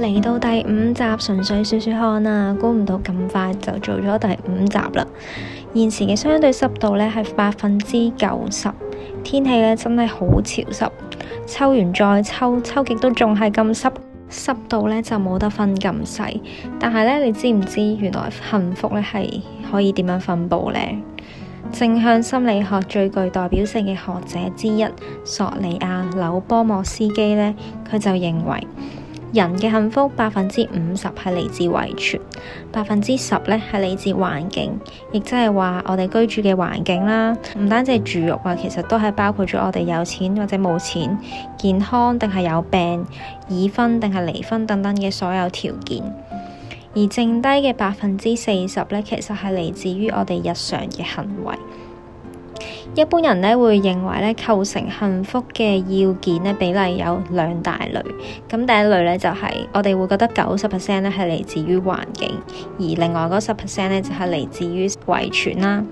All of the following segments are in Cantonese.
嚟到第五集，純粹說說看啊！估唔到咁快就做咗第五集啦。現時嘅相對濕度呢係百分之九十，天氣呢真係好潮濕。抽完再抽，抽極都仲係咁濕，濕度呢就冇得分咁細。但係呢，你知唔知原來幸福呢係可以點樣分佈呢？正向心理學最具代表性嘅學者之一，索尼亞柳波莫斯基呢，佢就認為。人嘅幸福百分之五十係嚟自遺傳，百分之十呢係嚟自環境，亦即係話我哋居住嘅環境啦，唔單止係住屋啊，其實都係包括咗我哋有錢或者冇錢、健康定係有病、已婚定係離婚等等嘅所有條件。而剩低嘅百分之四十呢，其實係嚟自於我哋日常嘅行為。一般人咧會認為咧構成幸福嘅要件咧比例有兩大類，咁第一類咧就係、是、我哋會覺得九十 percent 咧係嚟自於環境，而另外嗰十 percent 咧就係、是、嚟自於遺傳啦。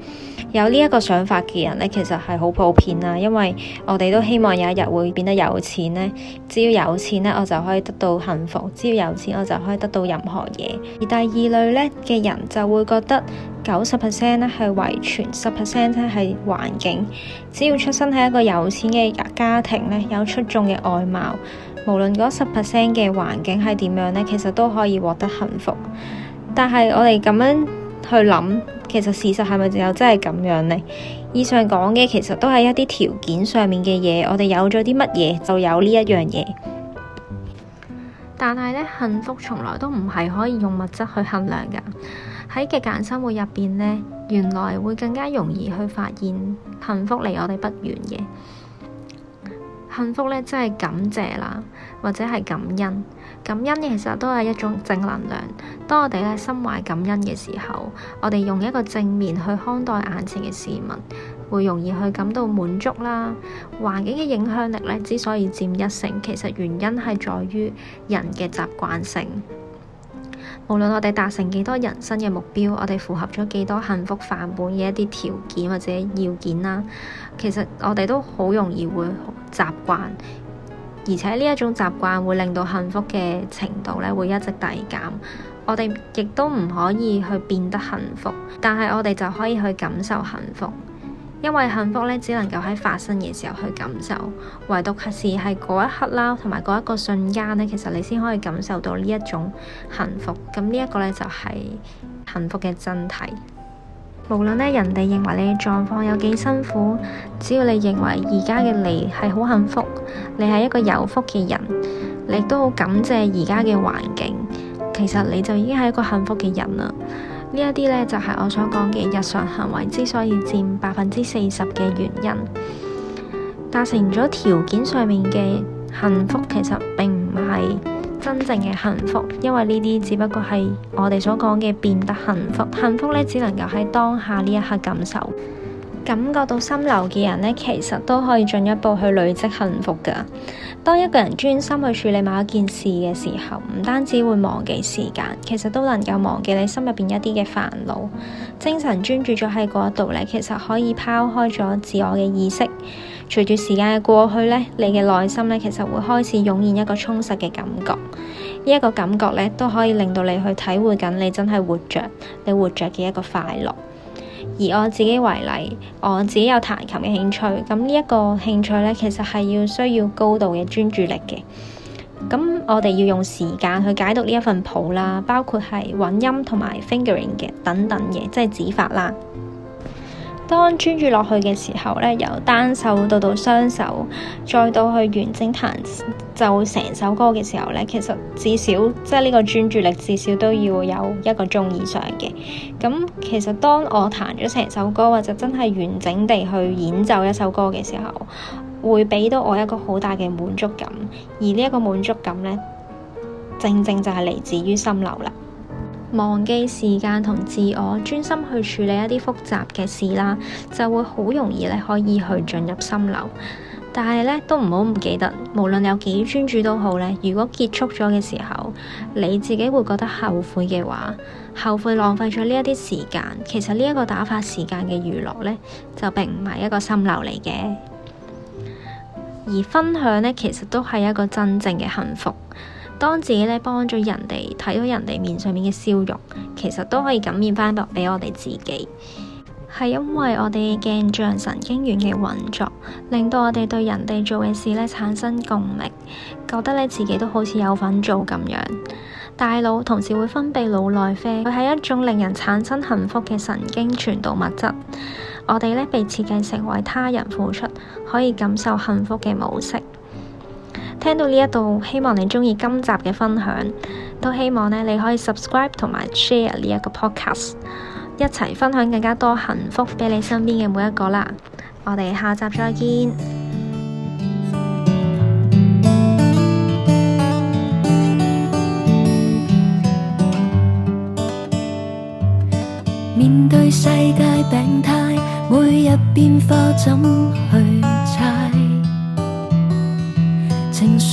有呢一個想法嘅人呢，其實係好普遍喇，因為我哋都希望有一日會變得有錢呢。只要有錢呢，我就可以得到幸福；只要有錢，我就可以得到任何嘢。而第二類呢嘅人就會覺得，九十 percent 呢係遺傳，十 percent 咧係環境。只要出生喺一個有錢嘅家庭呢，有出眾嘅外貌，無論嗰十 percent 嘅環境係點樣呢，其實都可以獲得幸福。但係我哋咁樣去諗，其實事實係咪又真係咁樣呢？以上講嘅其實都係一啲條件上面嘅嘢，我哋有咗啲乜嘢就有呢一樣嘢。但係咧，幸福從來都唔係可以用物質去衡量噶。喺極簡生活入邊呢，原來會更加容易去發現幸福離我哋不遠嘅。幸福咧，真係感謝啦，或者係感恩。感恩其實都係一種正能量。當我哋咧心懷感恩嘅時候，我哋用一個正面去看待眼前嘅事物，會容易去感到滿足啦。環境嘅影響力咧，之所以佔一成，其實原因係在於人嘅習慣性。無論我哋達成幾多人生嘅目標，我哋符合咗幾多幸福範本嘅一啲條件或者要件啦，其實我哋都好容易會習慣。而且呢一種習慣會令到幸福嘅程度咧，會一直遞減，我哋亦都唔可以去變得幸福，但係我哋就可以去感受幸福，因為幸福咧只能夠喺發生嘅時候去感受，唯獨係是係嗰一刻啦，同埋嗰一個瞬間咧，其實你先可以感受到呢一種幸福。咁呢一個咧就係幸福嘅真諦。無論呢人哋認為你嘅狀況有幾辛苦，只要你認為而家嘅你係好幸福，你係一個有福嘅人，你都好感謝而家嘅環境。其實你就已經係一個幸福嘅人啦。呢一啲呢，就係我所講嘅日常行為之所以佔百分之四十嘅原因，達成咗條件上面嘅幸福，其實並唔係。真正嘅幸福，因為呢啲只不過係我哋所講嘅變得幸福。幸福咧，只能夠喺當下呢一刻感受。感覺到心流嘅人咧，其實都可以進一步去累積幸福噶。當一個人專心去處理某一件事嘅時候，唔單止會忘記時間，其實都能夠忘記你心入邊一啲嘅煩惱。精神專注咗喺嗰度咧，其實可以拋開咗自我嘅意識。隨住時間嘅過去呢，你嘅內心呢，其實會開始湧現一個充實嘅感覺，呢一個感覺呢都可以令到你去體會緊你真係活着，你活着嘅一個快樂。而我自己為例，我自己有彈琴嘅興趣，咁呢一個興趣呢，其實係要需要高度嘅專注力嘅。咁我哋要用時間去解讀呢一份譜啦，包括係揾音同埋 fingering 嘅等等嘢，即係指法啦。當專注落去嘅時候咧，由單手到到雙手，再到去完整彈就成首歌嘅時候咧，其實至少即係呢個專注力至少都要有一個鐘以上嘅。咁其實當我彈咗成首歌或者真係完整地去演奏一首歌嘅時候，會俾到我一個好大嘅滿足感，而呢個滿足感咧，正正就係嚟自於心流啦。忘記時間同自我，專心去處理一啲複雜嘅事啦，就會好容易咧可以去進入心流。但係咧都唔好唔記得，無論有幾專注都好咧，如果結束咗嘅時候，你自己會覺得後悔嘅話，後悔浪費咗呢一啲時間，其實呢一個打發時間嘅娛樂咧，就並唔係一個心流嚟嘅。而分享咧，其實都係一個真正嘅幸福。當自己咧幫咗人哋，睇到人哋面上面嘅笑容，其實都可以感染翻俾我哋自己。係因為我哋嘅鏡像神經元嘅運作，令到我哋對人哋做嘅事咧產生共鳴，覺得咧自己都好似有份做咁樣。大腦同時會分泌腦內啡，佢係一種令人產生幸福嘅神經傳導物質。我哋咧被設計成為他人付出，可以感受幸福嘅模式。聽到呢一度，希望你中意今集嘅分享，都希望呢你可以 subscribe 同埋 share 呢一個 podcast，一齊分享更加多幸福俾你身邊嘅每一個啦。我哋下集再見。面對世界病態，每日變化，怎去猜？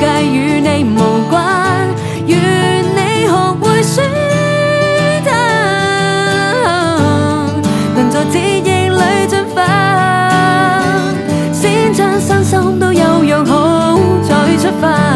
界與你無關，願你學會選擇，能在熾熱裏進發，先將身心都休養好，再出發。